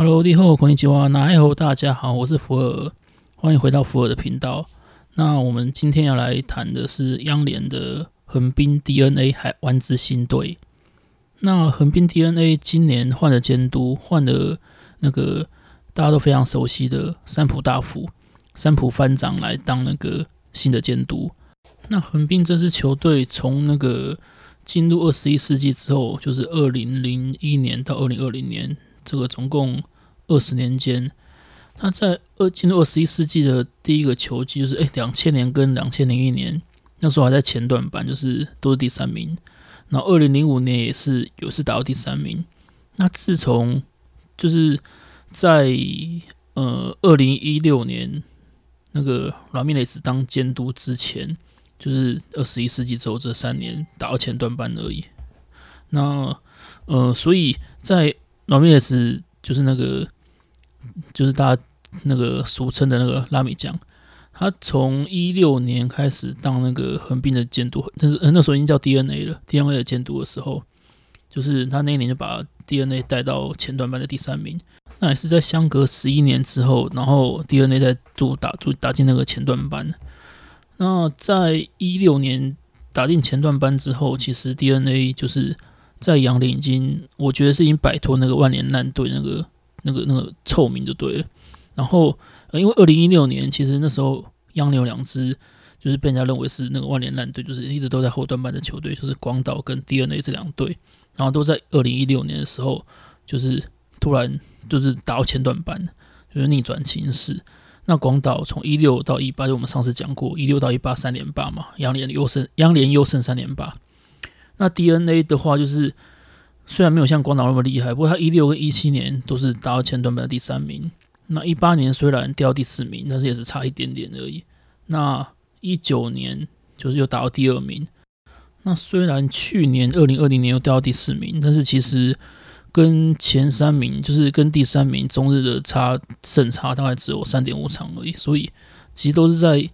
Hello，你好，こんにちは，那哎呦，大家好，我是福爾，歡迎回到福爾的頻道。那我們今天要來談的是央聯的橫濱 DeNA 海灣之星隊。那橫濱 DeNA 今年換了監督，換了那個大家都非常熟悉的三浦大輔、三浦番長來當那個新的監督。那橫濱這支球隊從那個進入二十一世紀之後，就是二零零一年到二零二零年。這個總共二十年間，那在二進入二十一世紀的第一個球季就是，哎、欸，兩千年跟兩千零一年那時候還在前段班，就是都是第三名。然後二零零五年也是有一次打到第三名。那自從就是在呃二零一六年那個拉米雷斯當監督之前，就是二十一世紀之後這三年打到前段班而已。那呃，所以在拉米也是，就是那個，就是大家那個俗稱的那個拉米醬。他從一六年開始當那個橫濱的監督，就是那時候已經叫 DeNA 了。DeNA 的監督的時候，就是他那一年就把 DeNA 帶到前段班的第三名。那也是在相隔十一年之後，然後 DeNA 在打打打進那個前段班。那在一六年打進前段班之後，其實 DeNA 就是。在央聯已經，我覺得是已經擺脫那個萬年爛隊那個、那個、那個臭名就對了。然後，呃，因為二零一六年其實那時候，央聯兩支就是被人家認為是那個萬年爛隊，就是一直都在後段班的球隊，就是廣島跟 DeNA 這兩隊。然後都在二零一六年的時候，就是突然就是打到前段班，就是逆轉情勢。那廣島從一六到一八，就我們上次講過，一六到一八三連霸嘛，央聯優勝，央聯優勝三連霸。那 DeNA 的話，就是雖然沒有像廣島那麼厲害，不過它一六跟一七年都是達到前段班的第三名。那一八年雖然掉到第四名，但是也是差一點點而已。那一九年就是又達到第二名。那雖然去年二零二零年又掉到第四名，但是其實跟前三名，就是跟第三名中日的差勝差大概只有三點五場而已，所以其實都是在。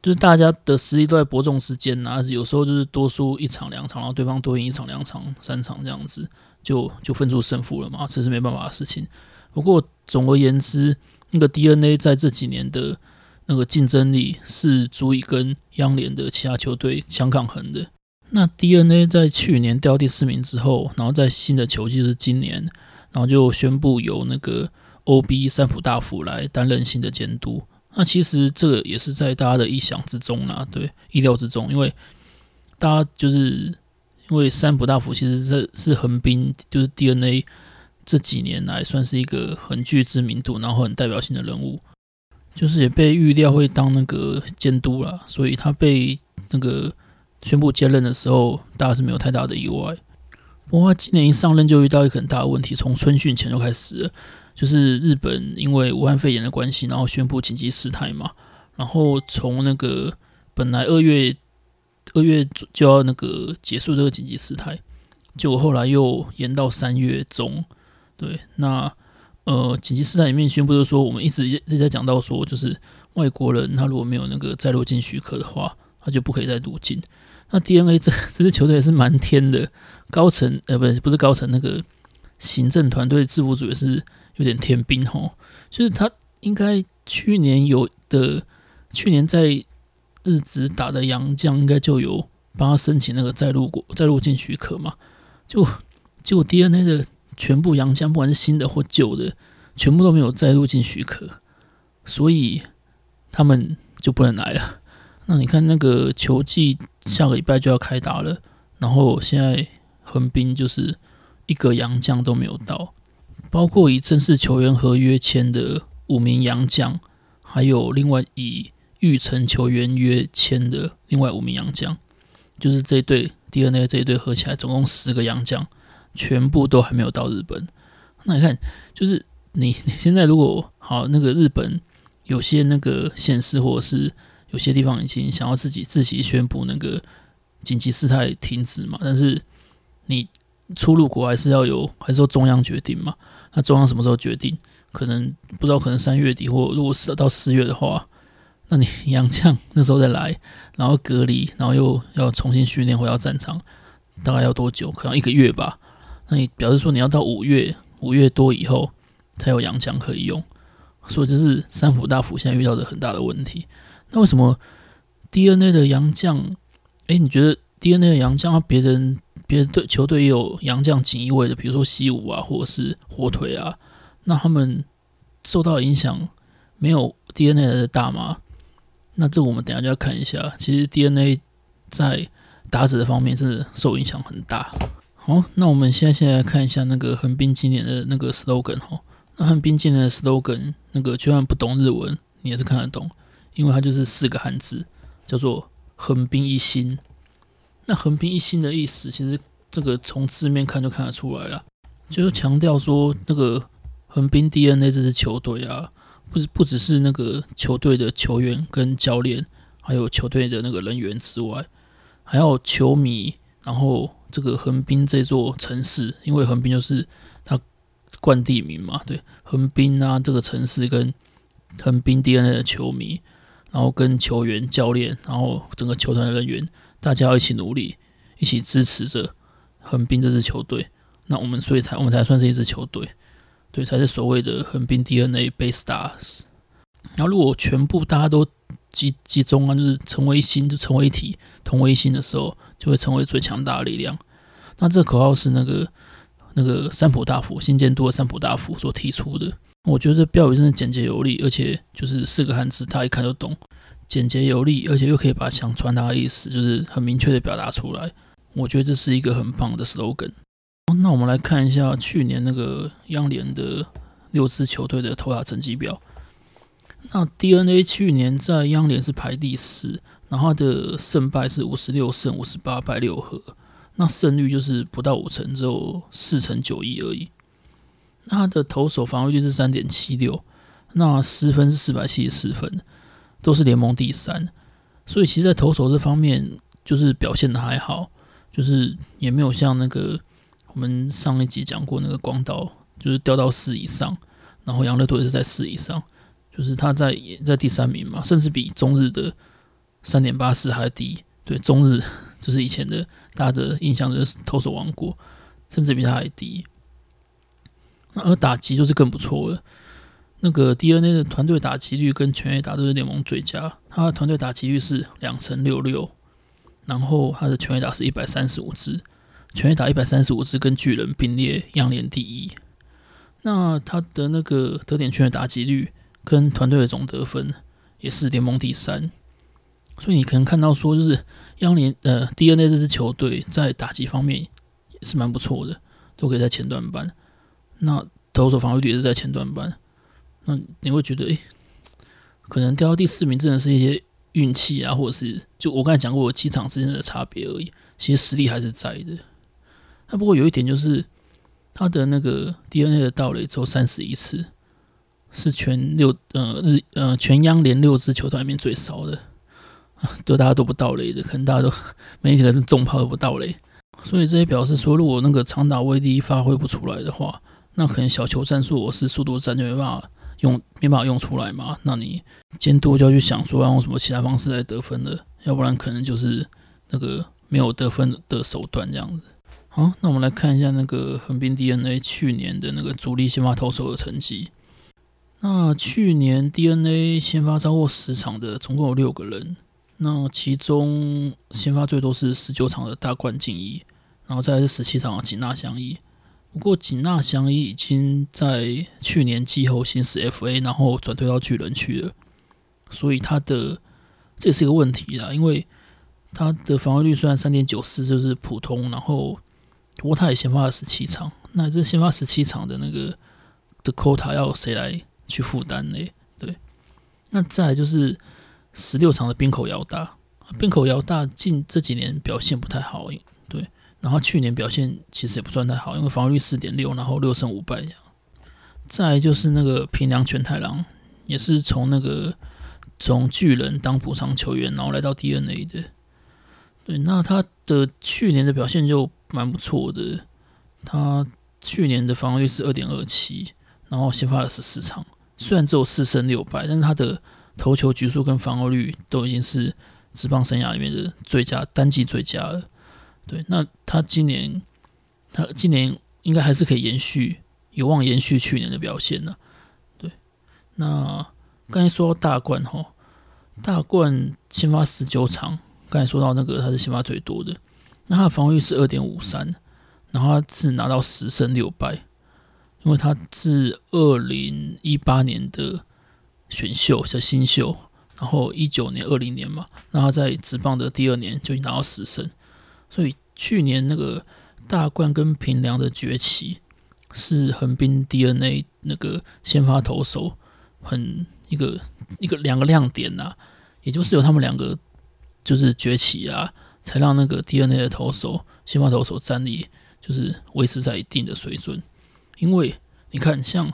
就是大家的實力都在伯仲之間吶，有時候就是多輸一場兩場，然後對方多贏一場兩場三場這樣子，就就分出勝負了嘛，這是沒辦法的事情。不過總而言之，那個 DeNA 在這幾年的那個競爭力是足以跟央聯的其他球隊相抗衡的。那 DeNA 在去年掉到第四名之後，然後在新的球季就是今年，然後就宣布由那個 OB 三浦大輔來擔任新的監督。那其實這個也是在大家的意想之中啦，對，意料之中，因為大家就是因為三浦大輔，其實這是橫濱，就是 DeNA 這幾年來算是一個很具知名度，然後很代表性的人物，就是也被預料會當那個監督啦，所以他被那個宣布接任的時候，大家是沒有太大的意外。哇！哦、他今年一上任就遇到一個很大的問題，從春訓前就開始了，就是日本因為武漢肺炎的關係，然後宣布緊急事態嘛。然後從那個本來二月二月就要那個結束這個緊急事態，結果後來又延到三月中。對，那呃，緊急事態裡面宣布就是說，我們一直一直在講到說，就是外國人他如果沒有那個再入境許可的話，他就不可以再入境。那 DeNA 這這支球隊也是蠻天的。高層，呃，不，不是不是高層那個行政團隊，制服組也是有點天兵吼。就是他應該去年有的，去年在日職打的洋將，應該就有幫他申請那個再入國，再入境許可嘛。就就 DNA 的全部洋將，不管是新的或舊的，全部都沒有再入境許可，所以他們就不能來了。那你看那個球季下個禮拜就要開打了，然後現在。橫濱就是一個洋將都沒有到，包括以正式球員合約簽的五名洋將，還有另外以育成球員約簽的另外五名洋將，就是這一隊 DeNA，這一隊合起來總共十個洋將，全部都還沒有到日本。那你看，就是你你現在如果好那個日本有些那個縣市或者是有些地方已經想要自己自己宣布那個緊急事態停止嘛，但是。你出入國還是要有，還是由中央決定嘛？那中央什麼時候決定？可能不知道，可能三月底，或如果到四月的話，那你洋將那時候再來，然後隔離，然後又要重新訓練回到戰場，大概要多久？可能一個月吧。那你表示說你要到五月，五月多以後才有洋將可以用，所以就是三浦大輔現在遇到的很大的問題。那為什麼 DeNA 的洋將？誒，你覺得 DeNA 的洋將和別人？別的隊球隊也有洋將錦衣衛的，比如說西武啊，或者是火腿啊，那他們受到影響沒有 DeNA 的大嗎？那這我們等一下就要看一下。其實 DeNA 在打指的方面真的受影響很大。好，那我們現在先來看一下那個橫濱今年的那個 slogan 哦。那橫濱今年的 slogan，那個就算不懂日文，你也是看得懂，因為它就是四個漢字，叫做橫濱一心。那橫濱一心的意思，其實這個從字面看就看得出來了，就是強調說那個橫濱 DNA 這支球隊啊，不不只是那個球隊的球員跟教練，還有球隊的那個人員之外，還要有球迷，然後這個橫濱這座城市，因為橫濱就是它冠地名嘛，對，橫濱啊這個城市跟橫濱 DNA 的球迷，然後跟球員、教練，然後整個球團的人員。大家要一起努力，一起支持着橫濱這支球隊。那我們所以才我們才算是一支球隊，對，才是所謂的橫濱 DeNA BayStars。然後如果全部大家都集集中啊，就是成為一心，就成為一體，同為一心的時候，就會成為最強大的力量。那這個口號是那個那個三浦大輔、新監督的三浦大輔所提出的。我覺得這標語真的簡潔有力，而且就是四個漢字，他一看就懂。簡潔有力，而且又可以把想傳達的意思，就是很明確的表達出來。我覺得這是一個很棒的 slogan、哦。那我們來看一下去年那個央聯的六支球隊的投打成績表。那 DNA 去年在央聯是排第四，然後他的勝敗是五十六勝五十八敗六和，那勝率就是不到五成，只有四成九一而已。那他的投手防禦率是三點七六，那失分是四百七十四分。都是聯盟第三，所以其實，在投手這方面，就是表現的還好，就是也沒有像那個我們上一集講過那個廣島，就是掉到四以上，然後養樂多也是在四以上，就是他在也在第三名嘛，甚至比中日的三點八四還低。對，中日就是以前的大家的印象就是投手王國，甚至比他還低。那而打擊就是更不錯了。那個 DeNA 的團隊打擊率跟全壘打都是聯盟最佳，他的團隊打擊率是兩成六六，然後他的全壘打是一百三十五支，全壘打一百三十五支跟巨人並列央聯第一。那他的那個得點圈的打擊率跟團隊的總得分也是聯盟第三，所以你可能看到說，就是央聯呃 DeNA 這支球隊在打擊方面也是蠻不錯的，都可以在前段班。那投手防禦率也是在前段班。那你會覺得，誒，可能掉到第四名，真的是一些運氣啊，或者是就我剛才講過，幾場之間的差別而已。其實實力還是在的。那不過有一點就是，他的那個 DeNA 的盜壘只有三十一次，是全六呃日呃全央聯六支球隊裡面最少的，都大家都不盜壘的，可能大家都沒幾個是重炮都不盜壘，所以這也表示說，如果那個長打威力發揮不出來的話，那可能小球戰術或是速度戰就沒辦法。用沒辦法用出來嘛？那你監督就要去想說，要用什麼其他方式來得分了，要不然可能就是那個，沒有得分的手段這樣子。好，那我們來看一下那個橫濱 DeNA 去年的那個主力先發投手的成績。那去年 DeNA 先發超過十場的總共有六個人，那其中先發最多是十九場的大貫晉一，然後再來是十七場的井納翔一。不過，井納翔一已經在去年季後行使 F A，然後轉退到巨人去了，所以他的這也是一個問題啦。因為他的防禦率雖然三點九四，就是普通，然後不過他也先發了十七場，那這先發十七場的那個的 Kota 要誰來去負擔呢？對，那再來就是十六場的濱口遙大，濱口遙大近這幾年表現不太好。然後去年表現其實也不算太好，因為防御率四點六，然後六勝五敗這樣。再來就是那個平良拳太郎，也是從那個從巨人當補償球員，然後來到 DeNA 的。對，那他的去年的表現就蠻不錯的。他去年的防御率是二點二七，然後先發了十四場，雖然只有四勝六敗，但是他的投球局數跟防御率都已經是職棒生涯裡面的最佳，單季最佳了。對，那他今年，他今年應該還是可以延續，有望延續去年的表現了、啊、對，那剛才說到大冠哈，大冠先發十九場，剛才說到那個他是先發最多的，那他的防禦是二點五三，然後他只拿到十勝六敗，因為他自二零一八年的選秀是新秀，然後一九年、二零年嘛，那他在職棒的第二年就已經拿到十勝。所以去年那個大貫跟平良的崛起，是橫濱 DNA 那個先發投手很一個一個兩個亮點吶、啊，也就是有他們兩個就是崛起啊，才讓那個 DNA 的投手先發投手戰力就是維持在一定的水準。因為你看像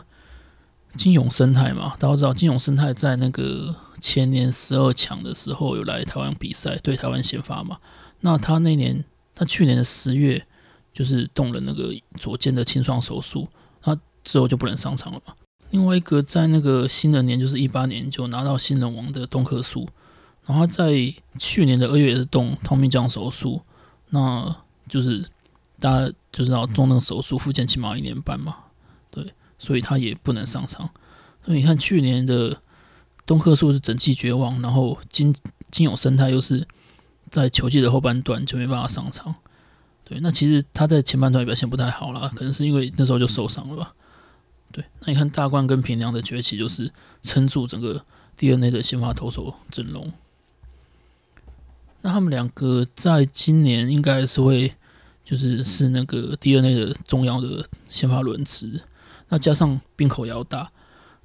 今永昇太嘛，大家知道今永昇太在那個前年十二強的時候有來台灣比賽對台灣先發嘛。那他那年，他去年的十月就是動了那個左肩的清創手術，那之後就不能上場了嘛。另外一個在那個新人年，就是一八年就拿到新人王的東克樹，然後他在去年的二月也是動 Tommy John 手術，那就是大家就知道做那個手術復健起碼一年半嘛，對，所以他也不能上場。所以你看去年的東克樹是整季絕望，然後今今永昇太又、就是。在球季的後半段就沒辦法上場，對，那其實他在前半段也表現不太好啦，可能是因為那時候就受傷了吧，對，那你看大貫跟平良的崛起就是撐住整個 DeNA 的先發投手陣容，那他們兩個在今年應該是會就是是那個 DeNA 的重要的先發輪值，那加上濱口也要大。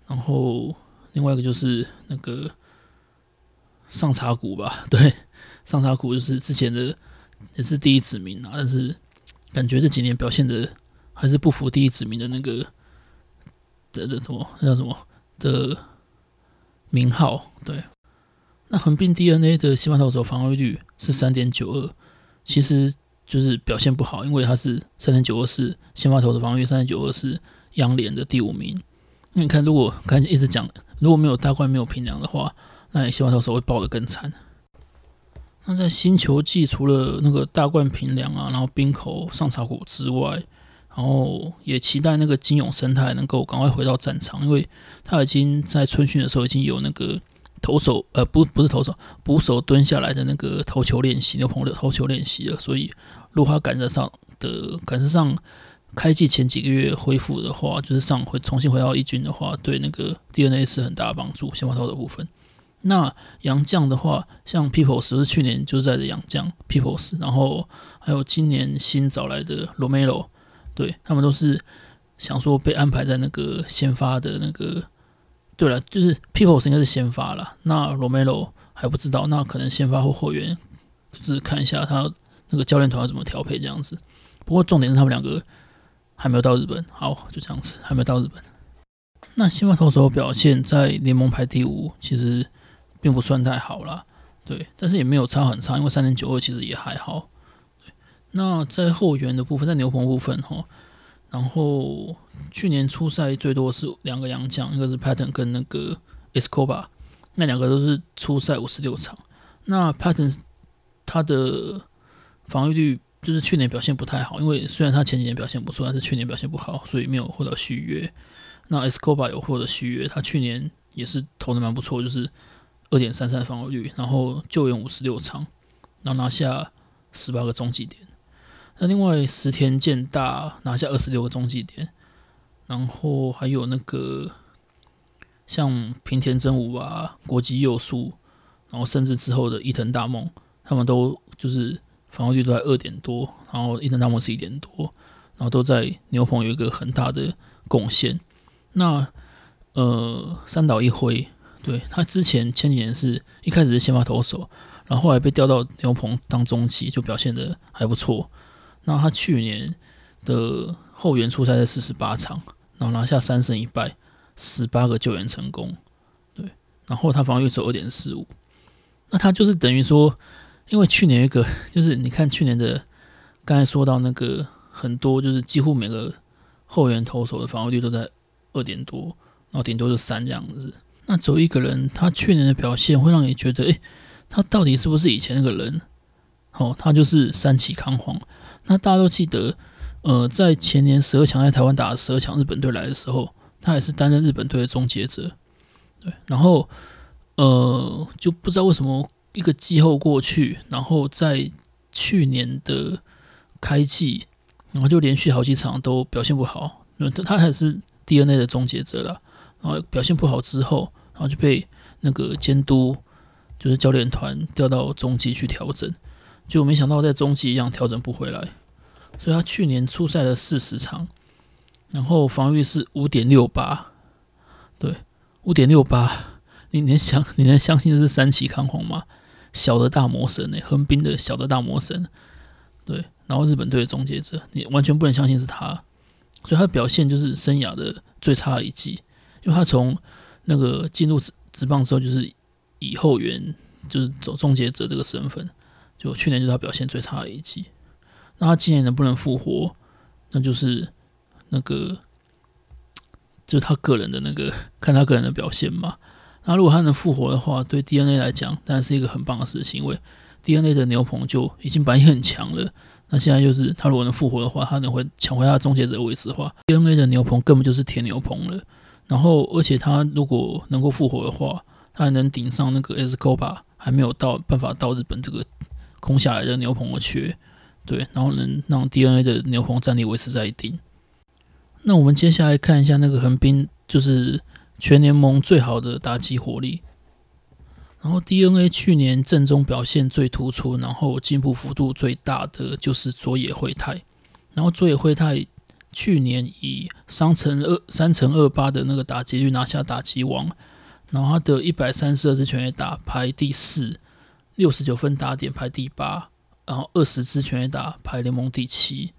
然後另外一個就是那個上茶谷吧，對。上沙谷就是之前的也是第一指名啊，但是感覺這幾年表現的還是不符第一指名的那個的的什麼那叫什麼的名號對。那橫濱 DeNA 的先發投手防禦率是三點九二，其實就是表現不好，因為它是三點九二是先發投手的防御率三點九二是，央聯的第五名。那你看，如果剛才一直講，如果沒有大貫沒有平良的話，那你先發投手會爆的更慘。他在新球季，除了那個大貫、平良啊，然後濱口上茶谷之外，然後也期待那個今永昇太能夠趕快回到戰場，因為他已經在春訓的時候已經有那個投手，呃，不，不是投手，捕手蹲下來的那個投球練習，朋友的投球練習了。所以，如果他趕得上的，趕得上開季前幾個月恢復的話，就是上回重新回到一軍的話，對那個 DeNA 是很大的幫助。先拋頭的部分。那洋將的話，像 Peoples 是去年就在的洋將 Peoples 是，然後還有今年新找來的 Romero 對，他們都是想說被安排在那個先發的那個。對了，就是 Peoples 是應該是先發了，那 Romero 還不知道，那可能先發或後援，就是看一下他那個教練團要怎麼調配這樣子。不過重點是他們兩個還沒有到日本，好，就這樣子，還沒有到日本。那先發投手表現在聯盟排第五，其實。並不算太好啦，對，但是也沒有差很差，因為三點九二其實也還好。對，那在後援的部分，在牛棚部分吼、喔，然後去年初賽最多是兩個洋將，一個是 Patton 跟那個 Escobar 那兩個都是初賽五十六場。那 Patton 他的防禦率就是去年表現不太好，因為雖然他前幾年表現不錯，但是去年表現不好，所以沒有獲得續約那。那 Escobar 有獲得續約，他去年也是投的蠻不錯，就是。二點三三的防禦率，然後救援五十六場，然後拿下十八個中繼點。那另外石田健大拿下二十六個中繼點，然後還有那個像平田真吾啊、國吉佑樹，然後甚至之後的伊藤大夢，他們都就是防禦率都在二點多，然後伊藤大夢是一點多，然後都在牛棚有一個很大的貢獻。那呃，三島一輝。對，他之前前幾年是一開始是先發投手，然後後來被調到牛棚當中繼，就表現得還不錯。那他去年的後援出賽在四十八場，然後拿下三勝一敗，十八個救援成功。對，然後他防禦率是二點四五。那他就是等於說，因為去年一個就是你看去年的剛才說到那個很多就是幾乎每個後援投手的防御率都在二點多，然後頂多是三這樣子。那走一個人，他去年的表現會讓你覺得，哎，他到底是不是以前那個人？哦，他就是山崎康晃。那大家都記得，呃，在前年十二強在台灣打十二強日本隊來的時候，他也是擔任日本隊的終結者。對，然後呃，就不知道為什麼一個季後過去，然後在去年的開季，然後就連續好幾場都表現不好，他他還是 DeNA 的終結者啦。然後表現不好之後。然後就被那個監督，就是教練團調到中繼去調整，結果沒想到在中繼一樣調整不回來，所以他去年出賽了四十場，然後防禦是五點六八，對，五點六八，你能想你能相信這是山崎康晃嗎？小的大魔神呢？橫濱的小的大魔神，對，然後日本隊的終結者，你完全不能相信是他，所以他表現就是生涯的最差的一季，因為他從。那個進入直直棒之後，就是以後援，就是走終結者這個身份。就去年就他表現最差的一季，那他今年能不能復活？那就是那個，就是他個人的那個，看他個人的表現嘛。那如果他能復活的話，對 DNA 來講當然是一個很棒的事情，因為 DNA 的牛棚就已經反應很強了。那現在就是他如果能復活的話，他能會搶回他的終結者位置的話，DNA 的牛棚根本就是鐵牛棚了。然後，而且他如果能夠復活的話，他還能頂上那個 Escobar 還沒有到辦法到日本這個空下來的牛棚的缺，對，然後能讓 DNA 的牛棚戰力維持在一定。那我們接下來看一下那個橫濱，就是全聯盟最好的打擊火力。然後 DNA 去年正中表現最突出，然後進步幅度最大的就是佐野惠太，然後佐野惠太。去年以三成二三成二八的那個打擊率拿下打擊王，然後他的一百三十二支全壘打排第四，六十九分打點排第八，然後二十支全壘打排聯盟第七，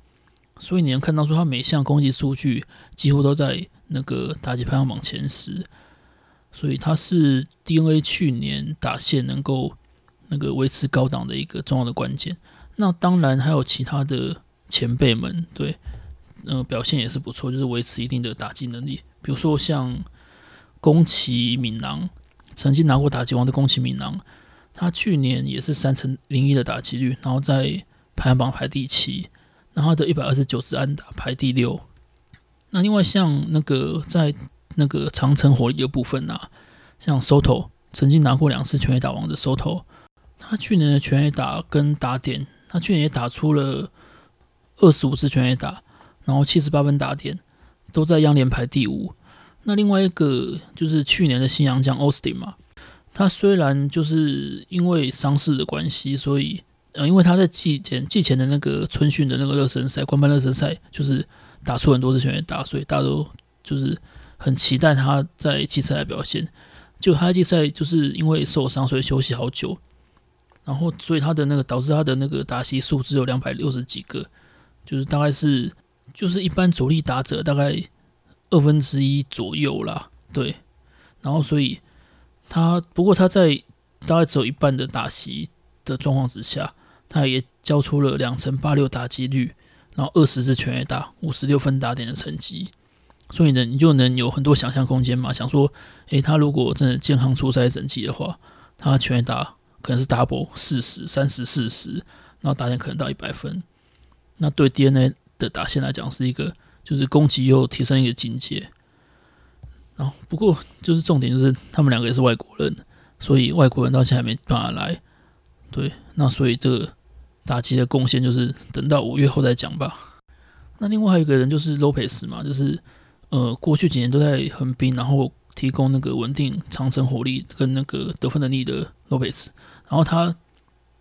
所以你能看到說他每項攻擊數據幾乎都在那個打擊排行榜前十，所以他是 DeNA 去年打線能夠那個維持高檔的一個重要的關鍵。那當然還有其他的前輩們對。呃，表現也是不錯，就是維持一定的打擊能力。比如說像宮崎敏郎，曾經拿過打擊王的宮崎敏郎，他去年也是三成零一的打擊率，然後在排行榜排第七，然後他的一百二十九次安打排第六。那另外像那個在那個長程火力的部分啊，像 Soto 曾經拿過兩次全壘打王的 Soto 他去年的全壘打跟打點，他去年也打出了二十五次全壘打。然後七十八分打點，都在央聯排第五。那另外一個就是去年的新洋將 Austin 嘛，他雖然就是因為傷勢的關係，所以呃，因為他在季前季前的那個春訓的那個熱身賽、官方熱身賽，就是打出很多次全壘打，所以大家都就是很期待他在季賽的表現。就他一季賽就是因為受傷，所以休息好久，然後所以他的那個導致他的那個打席數只有兩百六十幾個，就是大概是。就是一般主力打者大概二分之一左右啦，對，然後所以他不過他在大概只有一半的打席的狀況之下，他也交出了兩成八六打擊率，然後二十支全壘打，五十六分打點的成績，所以呢，你就能有很多想象空間嘛，想說，誒，他如果真的健康出賽整季的話，他全壘打可能是 double 四十三十四十，然後打點可能到一百分，那對 DeNA 的打線來講，是一個就是攻擊又提升一個境界，然後不過就是重點就是他們兩個也是外國人，所以外國人到現在還沒辦法來，對，那所以這個打擊的貢獻就是等到五月後再講吧。那另外還有一個人就是 Lopez 嘛，就是呃過去幾年都在橫濱，然後提供那個穩定長程火力跟那個得分能力的 Lopez，然後他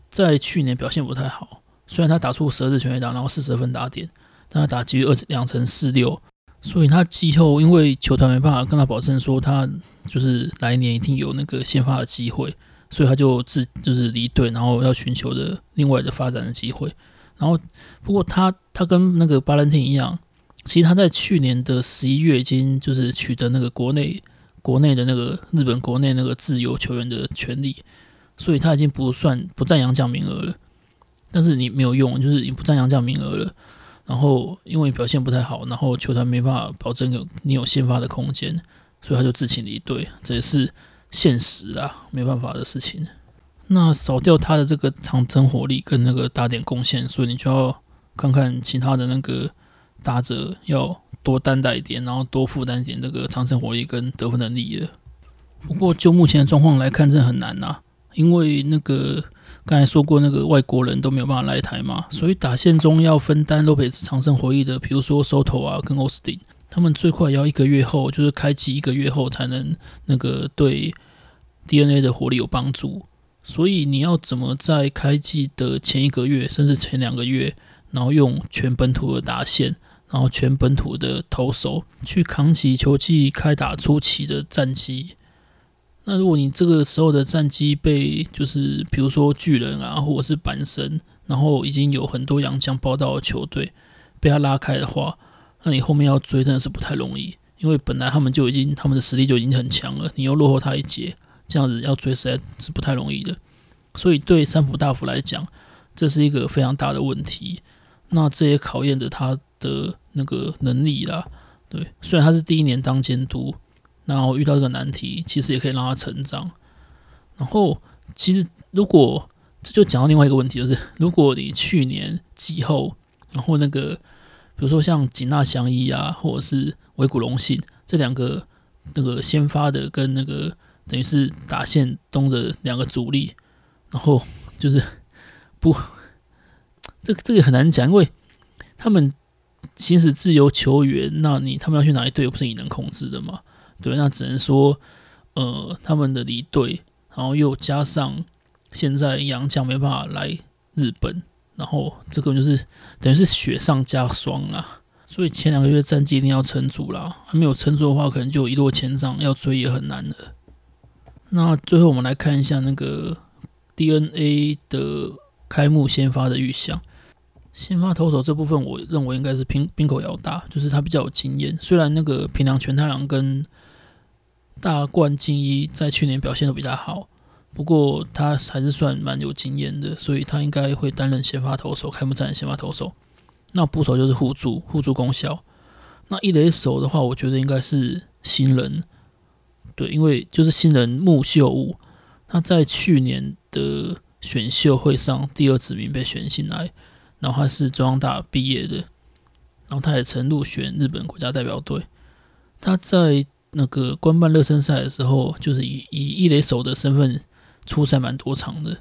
在去年表現不太好，雖然他打出十二支全壘打，然後四十分打點。他打擊率二兩成四六，所以他季後因為球團沒辦法跟他保證說他就是來年一定有那個先發的機會，所以他就自就是離隊，然後要尋求的另外的發展的機會。然後不過他他跟那個巴蘭廷一樣，其實他在去年的十一月已經就是取得那個國內國內的那個日本國內那個自由球員的權利，所以他已經不算不占洋將名額了。但是你沒有用，就是你不占洋將名額了。然後因為表現不太好，然後球團沒辦法保證有你有先發的空間，所以他就自行離隊，這也是現實啊，沒辦法的事情。那少掉他的這個長程火力跟那個打點貢獻，所以你就要看看其他的那個打者要多擔待一點，然後多負擔一點那個長程火力跟得分能力了。不過就目前的狀況來看，真的很難吶、啊，因為那個。剛才說過，那個外國人都沒有辦法來台嘛，所以打線中要分擔洛佩斯長生活力的，比如說 SOTO 啊，跟 Austin 他們最快也要一個月後，就是開季一個月後才能那個對 DNA 的活力有幫助。所以你要怎麼在開季的前一個月，甚至前兩個月，然後用全本土的打線，然後全本土的投手去扛起球季開打初期的戰績？那如果你這個時候的戰績被就是比如說巨人啊，或者是阪神，然後已經有很多洋將報到的球隊被他拉開的話，那你後面要追真的是不太容易，因為本來他們就已經他們的實力就已經很強了，你又落後他一截，這樣子要追實在是不太容易的。所以對三浦大輔來講，這是一個非常大的問題，那這也考驗着他的那個能力啦。對，雖然他是第一年當監督。然後遇到這個難題，其實也可以讓他成長。然後，其實如果這就講到另外一個問題，就是如果你去年季後，然後那個比如說像井納翔一啊，或者是梶谷隆幸這兩個那個先發的跟那個等於是打線東的兩個主力，然後就是不，這這個很難講，因為他們行使自由球員，那你他們要去哪一隊，不是你能控制的嗎？對，那只能說，呃，他們的離隊，然後又加上現在洋將沒辦法來日本，然後這個就是等於是雪上加霜啦。所以前兩個月戰績一定要撐住啦，還沒有撐住的話，可能就一落千丈，要追也很難了。那最後我們來看一下那個 DeNA 的開幕先發的預想，先發投手這部分，我認為應該是濱濱口遙大，就是他比較有經驗，雖然那個平良拳太郎跟大貫晉一在去年表現的比較好，不過他還是算蠻有經驗的，所以他應該會擔任先發投手，開幕戰先發投手。那捕手就是戶柱，戶柱恭孝。那一壘手的話，我覺得應該是新人，對，因為就是新人牧秀悟。他在去年的選秀會上第二指名被選進來，然後他是中央大畢業的，然後他也曾入選日本國家代表隊，他在。那個官辦熱身賽的時候，就是以以一壘手的身份出賽蠻多場的，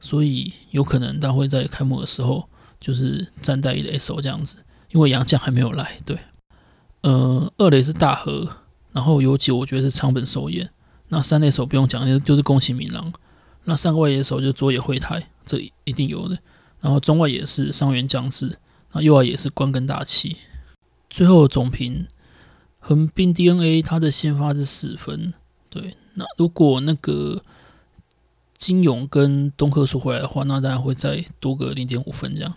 所以有可能他會在開幕的時候就是站在一壘手這樣子，因為洋將還沒有來。對，呃，二壘是大和，然後遊擊，我覺得是長本壽彥，那三壘手不用講，就是宮崎敏郎，那三個外野手就是佐野惠太，這一定有的。然後中外也是桑原將志，那右外也是關根大氣。最後總評。橫濱 DeNA 它的先發是四分，對。那如果那個今永跟東克樹回來的話，那大概會再多個零點五分這樣。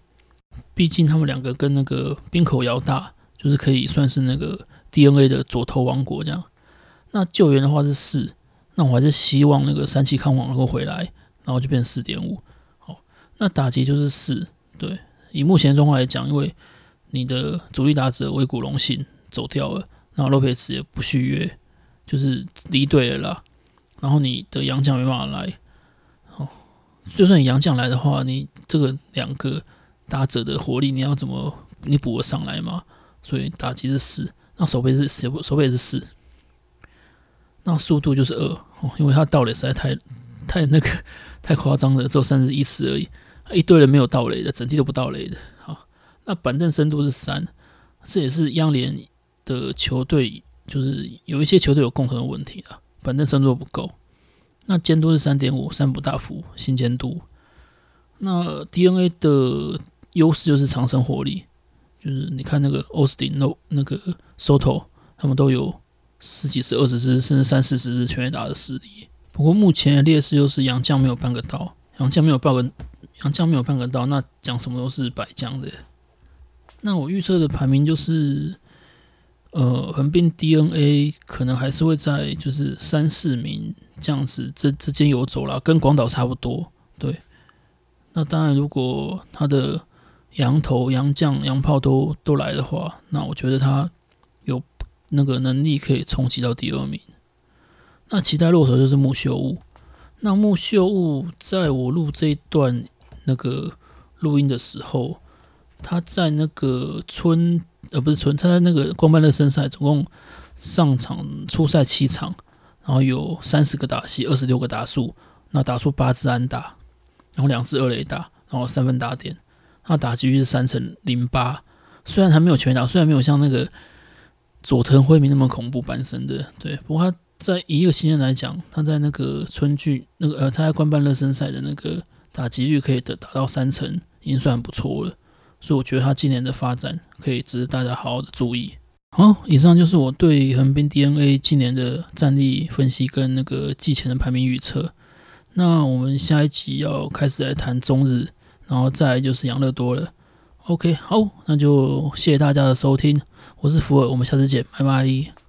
畢竟他們兩個跟那個濱口遙大，就是可以算是那個 DeNA 的左投王國這樣。那救援的話是四，那我還是希望那個山崎康晃能夠回來，然後就變成四點五。好，那打擊就是四，對。以目前狀況來講，因為你的主力打者梶谷隆幸走掉了。然後洛佩斯也不續約，就是離隊了啦。然後你的洋將沒辦法來，哦，就算洋將來的話，你這個兩個打者的火力，你要怎麼你補得上來嗎？所以打擊是四，那守備是四，守備是四，那速度就是二哦，因為他盜壘實在太、太那個、太誇張了，只有三十一次而已，一堆人沒有盜壘的，整體都不盜壘的。好，那板凳深度是三，這也是央聯。的球隊就是有一些球隊有共同的問題了，反正深度不夠。那監督是三浦，三浦大輔新監督。那 DeNA 的優勢就是長程火力，就是你看那個奧斯汀、諾那個 SOTO 他們都有十幾支、二十支，甚至三四十支，全壘打的實力。不過目前的劣勢就是洋將沒有半個到，洋將沒有半個洋將，沒有半個到，那講什麼都是白講的。那我預測的排名就是。呃，橫濱 DeNA 可能還是會在，就是三四名這樣子這之間遊走啦，跟廣島差不多。對，那當然，如果他的洋投、洋將、洋炮都都來的話，那我覺得他有那個能力可以衝擊到第二名。那期待落頭就是牧秀悟，那牧秀悟在我錄這一段那個錄音的時候，他在那個村。呃，不是春，他在那個官辦熱身賽總共上場出賽七場，然後有三十個打席二十六個打數，那打出八支安打，然後兩次二壘打，然後三分打點，他打擊率是三成零八。雖然他沒有全壘打，雖然沒有像那個佐藤輝明那麼恐怖半身的，對，不過他在一個新人來講，他在那個春季那個呃，他在官辦熱身賽的那個打擊率可以得達到三成，已經算不錯了。所以我覺得它今年的發展可以值得大家好好的注意。好，以上就是我對橫濱 DeNA 今年的戰力分析跟那個季前的排名預測。那我們下一集要開始來談中日，然後再來就是養樂多了。OK，好，那就謝謝大家的收聽，我是福爾，我們下次見，拜拜。